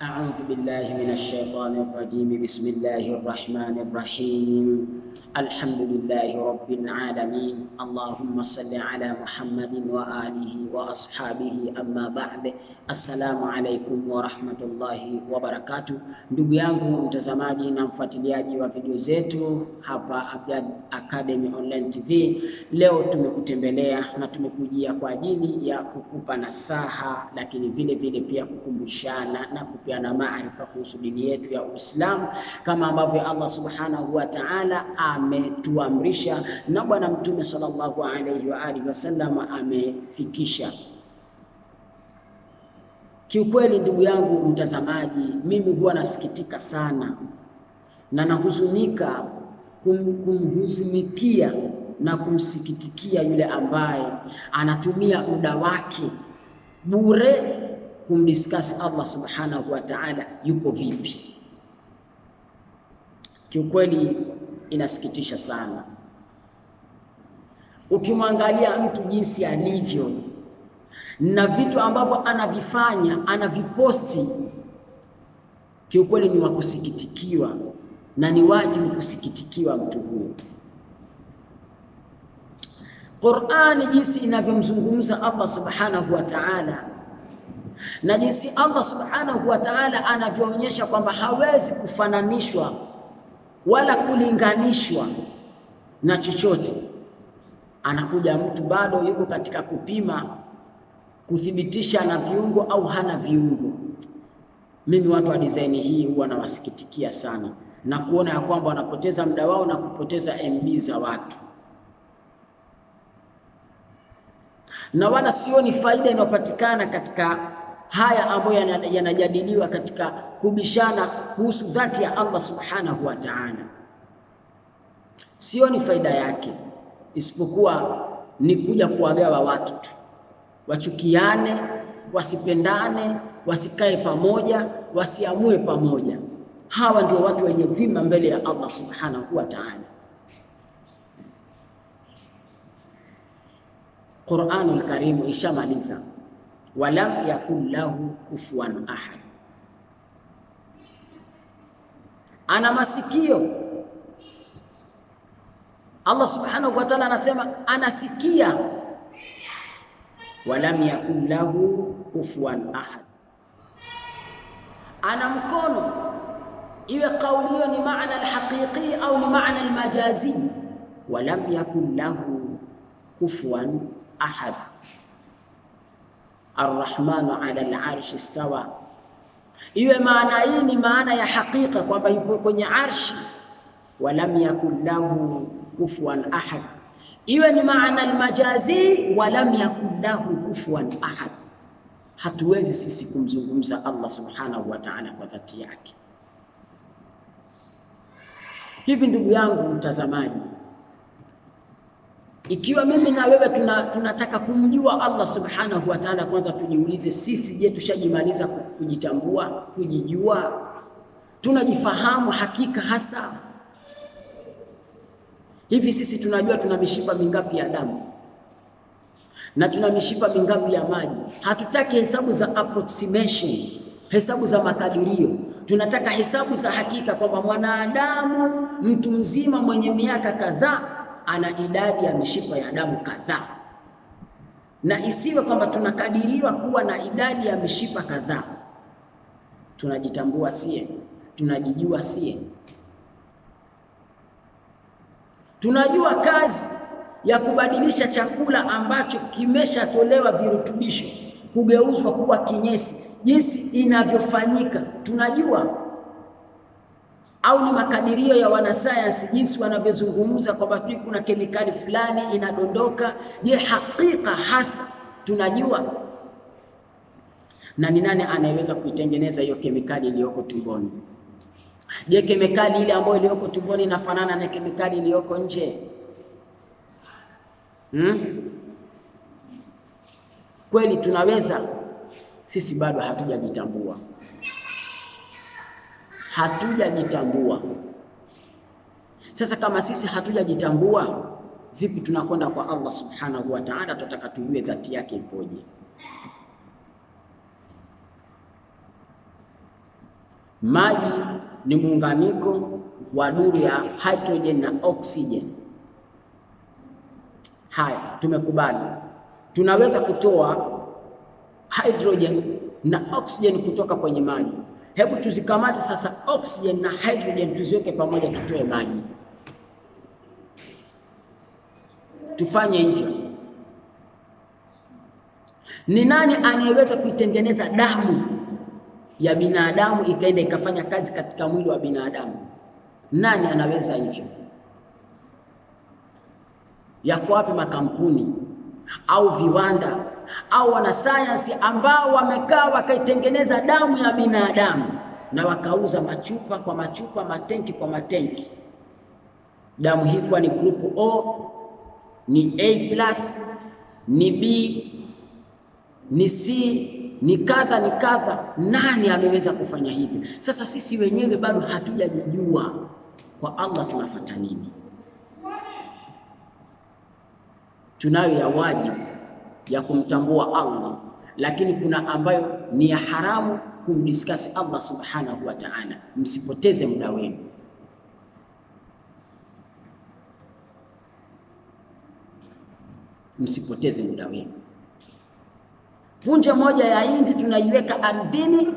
أعوذ بالله من الشيطان الرجيم بسم الله الرحمن الرحيم الحمد لله رب العالمين اللهم صل على محمد وآله وأصحابه أما بعد assalamu alaikum warahmatullahi wabarakatu. Ndugu yangu mtazamaji na mfuatiliaji wa video zetu hapa Abdul Academy Online TV, leo tumekutembelea na tumekujia kwa ajili ya kukupa nasaha, lakini vile vile pia kukumbushana na kupe kupeana maarifa kuhusu dini yetu ya Uislamu, kama ambavyo Allah subhanahu wa ta'ala ametuamrisha na Bwana Mtume sallallahu alaihi wa alihi wasallam amefikisha. Kiukweli ndugu yangu mtazamaji, mimi huwa nasikitika sana na nahuzunika kum, kumhuzunikia na kumsikitikia yule ambaye anatumia muda wake bure kumdiscuss Allah subhanahu wa ta'ala yupo vipi. Kiukweli inasikitisha sana ukimwangalia mtu jinsi alivyo na vitu ambavyo anavifanya anaviposti, kiukweli ni wakusikitikiwa na ni wajibu kusikitikiwa mtu huyo. Qur'ani jinsi inavyomzungumza Allah subhanahu wa ta'ala na jinsi Allah subhanahu wa ta'ala anavyoonyesha kwamba hawezi kufananishwa wala kulinganishwa na chochote. Anakuja mtu bado yuko katika kupima, kuthibitisha ana viungo au hana viungo. Mimi watu wa design hii huwa nawasikitikia sana na kuona ya kwamba wanapoteza muda wao na kupoteza MB za watu, na wala sioni faida inayopatikana katika haya ambayo yanajadiliwa katika kubishana kuhusu dhati ya Allah subhanahu wa ta'ala. Sioni faida yake isipokuwa ni kuja kuwagawa watu tu, wachukiane, wasipendane, wasikae pamoja, wasiamue pamoja. Hawa ndio watu wenye dhima mbele ya Allah subhanahu wa ta'ala. Qur'anul Karim ishamaliza ولم يكن له كفوا أحد أنا مسكيو الله سبحانه وتعالى نسمى أنا سكيا ولم يكن له كفوا أحد أنا مكون إيوه قولي معنى الحقيقي أو معنى المجازي ولم يكن له كفوا أحد arrahmanu ala larshi stawa. Iwe maana hii ni maana ya hakika kwamba yupo kwenye arshi, walam yakun lahu kufuwan ahad, iwe ni maana almajazi, walam yakun lahu kufuwan ahad. Hatuwezi sisi kumzungumza Allah subhanahu wa ta'ala kwa dhati yake. Hivi ndugu yangu mtazamaji ikiwa mimi na wewe tuna, tunataka kumjua Allah subhanahu wa ta'ala, kwanza tujiulize sisi, je, tushajimaliza kujitambua, kujijua? Tunajifahamu hakika hasa? Hivi sisi tunajua tuna mishipa mingapi ya damu na tuna mishipa mingapi ya maji? Hatutaki hesabu za approximation, hesabu za makadirio tunataka hesabu za hakika, kwamba mwanadamu mtu mzima mwenye miaka kadhaa ana idadi ya mishipa ya damu kadhaa, na isiwe kwamba tunakadiriwa kuwa na idadi ya mishipa kadhaa. Tunajitambua sie? Tunajijua sie? Tunajua kazi ya kubadilisha chakula ambacho kimeshatolewa virutubisho kugeuzwa kuwa kinyesi, jinsi inavyofanyika tunajua au ni makadirio ya wanasayansi jinsi wanavyozungumza kwamba sijui kuna kemikali fulani inadondoka. Je, hakika hasa tunajua? Na ni nani anayeweza kuitengeneza hiyo kemikali iliyoko tumboni? Je, kemikali ile ambayo iliyoko tumboni inafanana na kemikali iliyoko nje? hmm? Kweli tunaweza sisi bado hatujajitambua hatujajitambua. Sasa kama sisi hatujajitambua, vipi tunakwenda kwa Allah subhanahu wa ta'ala? Tunataka tujue dhati yake ipoje. Maji ni muunganiko wa duru ya hydrogen na oxygen. Haya, tumekubali tunaweza kutoa hydrogen na oxygen kutoka kwenye maji Hebu tuzikamate sasa oxygen na hydrogen tuziweke pamoja, tutoe maji. Tufanye hivyo. Ni nani anayeweza kuitengeneza damu ya binadamu ikaenda ikafanya kazi katika mwili wa binadamu? Nani anaweza hivyo? Yako wapi makampuni au viwanda au wanasayansi ambao wamekaa wakaitengeneza damu ya binadamu na wakauza machupa kwa machupa, matenki kwa matenki. Damu hii kwa ni group O, ni A+, ni B, ni C, ni kadha ni kadha. Nani ameweza kufanya hivyo? Sasa sisi wenyewe bado hatujajijua kwa Allah tunafata nini, tunayo ya wajibu ya kumtambua Allah, lakini kuna ambayo ni ya haramu kumdiskasi Allah subhanahu wa ta'ala. Msipoteze muda wenu. Msipoteze muda wenu. Punje moja ya hindi tunaiweka ardhini,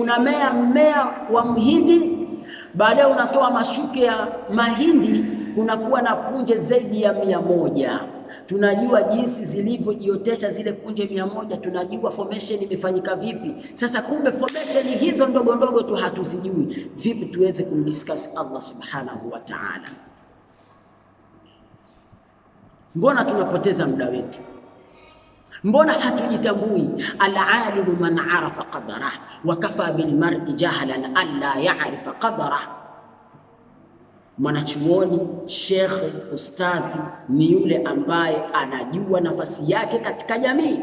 unamea mmea wa mhindi, baadaye unatoa mashuke ya mahindi, kunakuwa na punje zaidi ya mia moja tunajua jinsi zilivyojiotesha zile kunje mia moja, tunajua formation imefanyika vipi. Sasa kumbe formation hizo ndogo ndogo tu hatuzijui, vipi tuweze kumdiscuss Allah subhanahu wa ta'ala? Mbona tunapoteza muda wetu? Mbona hatujitambui? Alalimu man arafa qadara wa kafa bilmari jahlan alla yarifa qadarah Mwanachuoni, shekhe, ustadhi ni yule ambaye anajua nafasi yake katika jamii.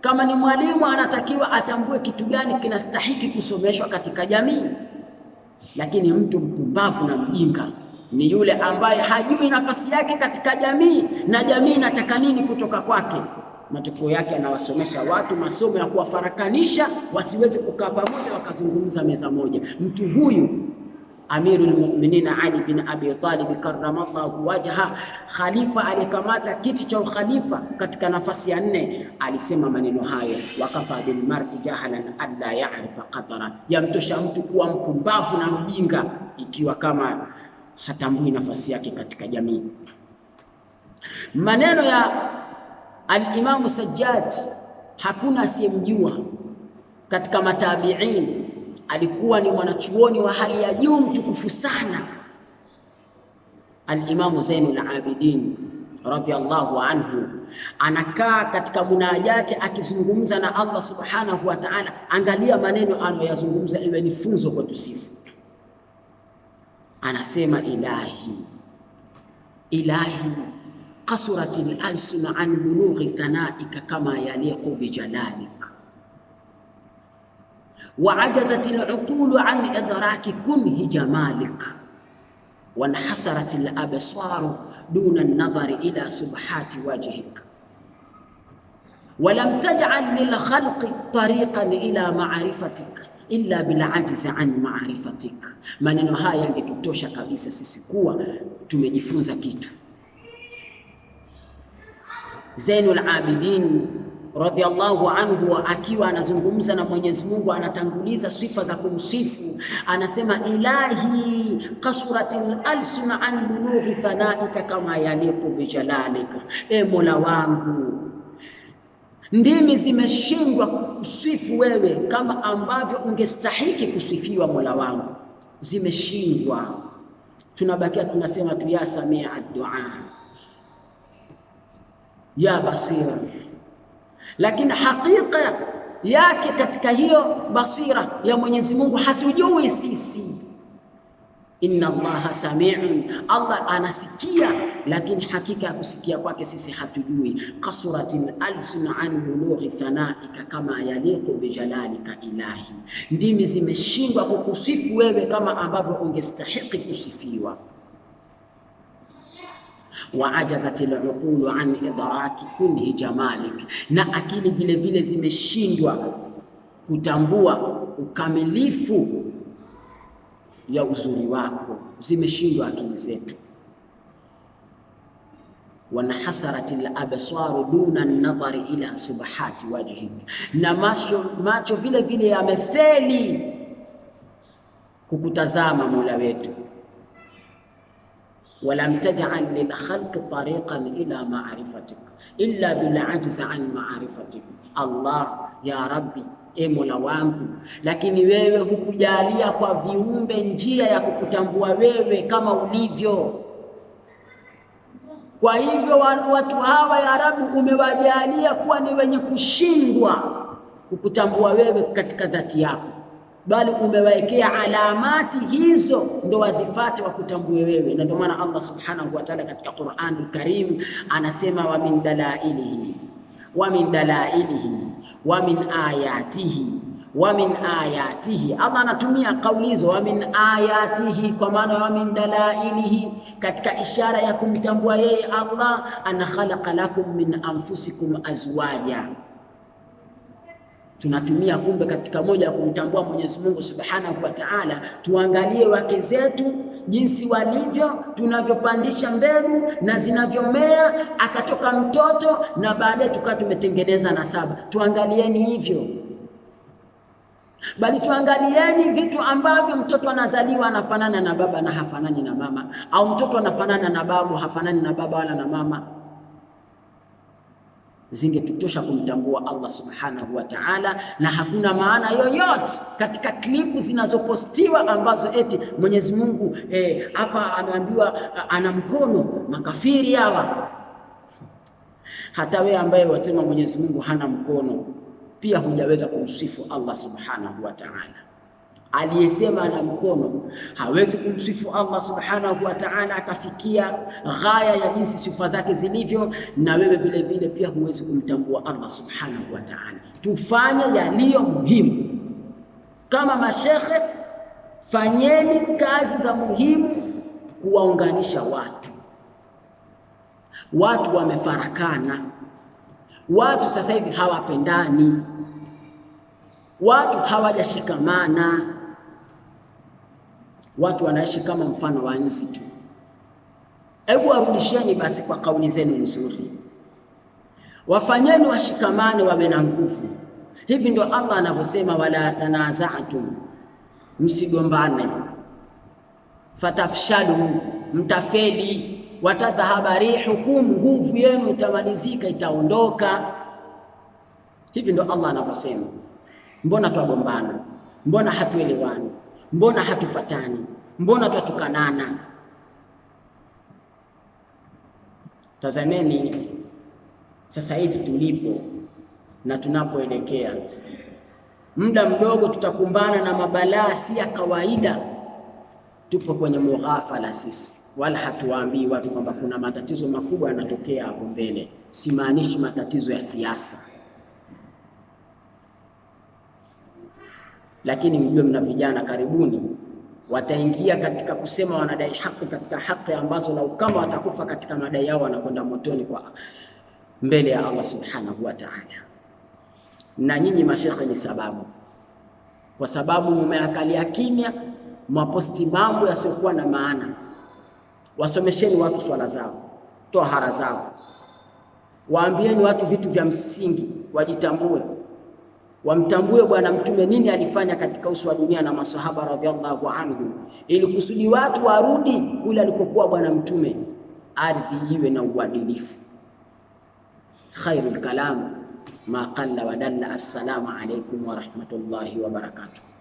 Kama ni mwalimu, anatakiwa atambue kitu gani kinastahiki kusomeshwa katika jamii. Lakini mtu mpumbavu na mjinga ni yule ambaye hajui nafasi yake katika jamii na jamii inataka nini kutoka kwake. Matokeo yake anawasomesha watu masomo ya kuwafarakanisha wasiweze kukaa pamoja wakazungumza meza moja. Mtu huyu Amirul Mu'minin Ali bin Abi Talib karramallahu wajha, khalifa alikamata kiti cha ukhalifa katika nafasi ya nne, alisema maneno hayo, wakafa bil mar'i jahalan alla ya'rifa qatara, yamtosha mtu kuwa mpumbavu na mjinga ikiwa kama hatambui nafasi yake katika jamii. Maneno ya Alimamu Sajjad hakuna asiyemjua katika matabiini alikuwa ni mwanachuoni wa hali ya juu mtukufu sana, Alimamu Zainul Abidin radhiallahu anhu anakaa katika munajati akizungumza na Allah subhanahu wa ta'ala. Angalia maneno anayoyazungumza, iwe ni funzo kwetu sisi. Anasema, ilahi ilahi kasurat al an bulughi thanaika kama yaliqu bijalalik وعجزت العقول عن إدراك كنه جمالك وانحسرت الأبصار دون النظر إلى سبحات وجهك ولم تجعل للخلق طريقا إلى معرفتك illa bilajzi an maarifatik. Maneno haya yangetutosha kabisa sisi kuwa tumejifunza kitu. Zainul Abidin radhiallahu anhu akiwa anazungumza na Mwenyezi Mungu, anatanguliza sifa za kumsifu, anasema ilahi kasuratil alsun an bulughi thanaika kama yaliku bijalalika, e Mola wangu ndimi zimeshindwa kusifu wewe kama ambavyo ungestahiki kusifiwa Mola wangu, zimeshindwa. Tunabakia tunasema tu ya samia dua ya basira lakini hakika yake katika hiyo basira ya Mwenyezi Mungu hatujui sisi. Inna Allaha samiun, Allah anasikia, lakini hakika ya kusikia kwake sisi hatujui. Kasuratil alsun an bulughi thanaika kama yaliku bijalalika ilahi, ndimi zimeshindwa kukusifu wewe kama ambavyo ungestahiki kusifiwa wa ajazatil uqulu an idraki kunhi jamalik, na akili vile vile zimeshindwa kutambua ukamilifu ya uzuri wako, zimeshindwa akili zetu. al absaru duna nadhari ila subahati wajhik, na macho, macho vile vile yamefeli kukutazama Mola wetu walam taj'al lil khalqi tariqan ila ma'rifatik illa bil ajzi an ma'rifatik. Allah ya Rabbi, e Mola wangu, lakini wewe hukujalia kwa viumbe njia ya kukutambua wewe kama ulivyo. Kwa hivyo watu hawa, ya Rabbi, umewajalia kuwa ni wenye kushindwa kukutambua wewe katika dhati yako bali umewaekea alamati hizo ndo wazifate wakutambue wewe. Na ndio maana Allah subhanahu wa ta'ala katika quran Karim anasema wa min dalailihi wa min dalailihi wa min ayatihi wa min ayatihi. Allah anatumia kauli hizo wa min ayatihi, kwa maana wa min dalailihi, katika ishara ya kumtambua yeye Allah, ana khalaqa lakum min anfusikum azwaja tunatumia kumbe, katika moja ya kumtambua Mwenyezi Mungu Subhanahu wa Ta'ala, tuangalie wake zetu jinsi walivyo, tunavyopandisha mbegu na zinavyomea, akatoka mtoto na baadaye tukawa tumetengeneza nasaba. Tuangalieni hivyo, bali tuangalieni vitu ambavyo mtoto anazaliwa anafanana na baba na hafanani na mama, au mtoto anafanana na babu hafanani na baba wala na mama zingetutosha kumtambua Allah subhanahu wa ta'ala, na hakuna maana yoyote katika klipu zinazopostiwa ambazo eti Mwenyezi Mungu eh, hapa eh, ameambiwa ana mkono. Makafiri hawa. Hata wewe ambaye wasema Mwenyezi Mungu hana mkono, pia hujaweza kumsifu Allah subhanahu wa ta'ala aliyesema na mkono hawezi kumsifu Allah subhanahu wa ta'ala akafikia ghaya ya jinsi sifa zake zilivyo, na wewe vile vile pia huwezi kumtambua Allah subhanahu wa ta'ala. Tufanye yaliyo muhimu kama mashekhe, fanyeni kazi za muhimu kuwaunganisha watu. Watu wamefarakana, watu sasa hivi hawapendani, watu hawajashikamana watu wanaishi kama mfano wa nzi tu. Hebu arudisheni basi kwa kauli zenu nzuri, wafanyeni washikamane, wawe na nguvu. Hivi ndio Allah anavyosema, wala tanazatu msigombane, fatafshalu, mtafeli, watadhahaba rihukum, nguvu yenu itamalizika, itaondoka. Hivi ndio Allah anavyosema. Mbona twagombana? Mbona hatuelewani? mbona hatupatani? Mbona twatukanana? Tazameni sasa hivi tulipo na tunapoelekea, muda mdogo tutakumbana na mabalaa si ya kawaida. Tupo kwenye mughafala sisi, wala hatuwaambii watu kwamba kuna matatizo makubwa yanatokea hapo mbele. Simaanishi matatizo ya siasa lakini mjue mna vijana karibuni wataingia katika kusema wanadai haki katika haki ambazo lau kama watakufa katika madai yao wanakwenda motoni kwa mbele ya Allah subhanahu wa ta'ala. Na nyinyi mashekhe ni sababu, kwa sababu mumeakalia kimya, mwaposti mambo yasiyokuwa na maana. Wasomesheni watu swala zao, tohara zao, waambieni watu vitu vya msingi, wajitambue wamtambue Bwana Mtume nini alifanya katika uso wa dunia na masahaba radhiallahu anhu, ili kusudi watu warudi kule alikokuwa Bwana Mtume, ardhi iwe na uadilifu. Khairul kalam ma qalla wa dalla. Assalamu alaikum wa rahmatullahi wa barakatuh.